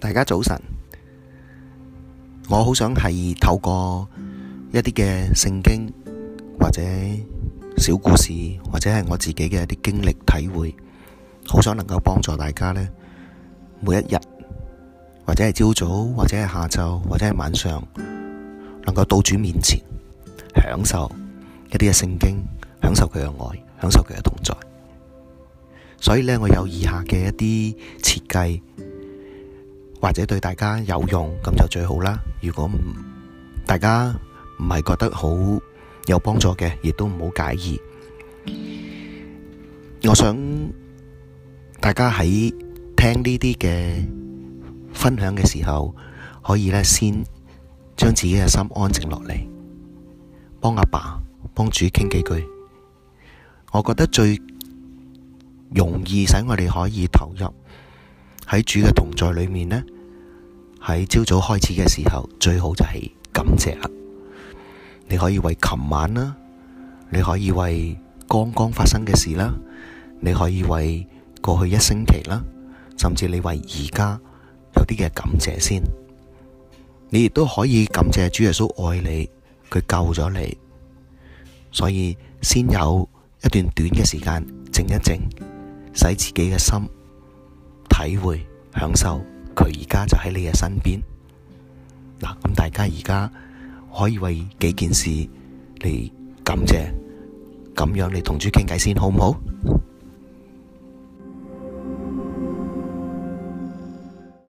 大家早晨，我好想係透過一啲嘅聖經或者小故事，或者係我自己嘅一啲經歷體會，好想能夠幫助大家呢每一日或者係朝早，或者係下晝，或者係晚上，能夠到主面前享受一啲嘅聖經，享受佢嘅愛，享受佢嘅同在。所以呢，我有以下嘅一啲設計。或者對大家有用，咁就最好啦。如果唔大家唔係覺得好有幫助嘅，亦都唔好介意。我想大家喺聽呢啲嘅分享嘅時候，可以呢先將自己嘅心安靜落嚟，幫阿爸幫主傾幾句。我覺得最容易使我哋可以投入。喺主嘅同在裏面呢，喺朝早開始嘅時候最好就係感謝啦。你可以為琴晚啦，你可以為剛剛發生嘅事啦，你可以為過去一星期啦，甚至你為而家有啲嘅感謝先。你亦都可以感謝主耶穌愛你，佢救咗你，所以先有一段短嘅時間靜一靜，使自己嘅心。體會、享受，佢而家就喺你嘅身邊。嗱，咁大家而家可以為幾件事嚟感謝，咁樣你同主傾偈先，好唔好？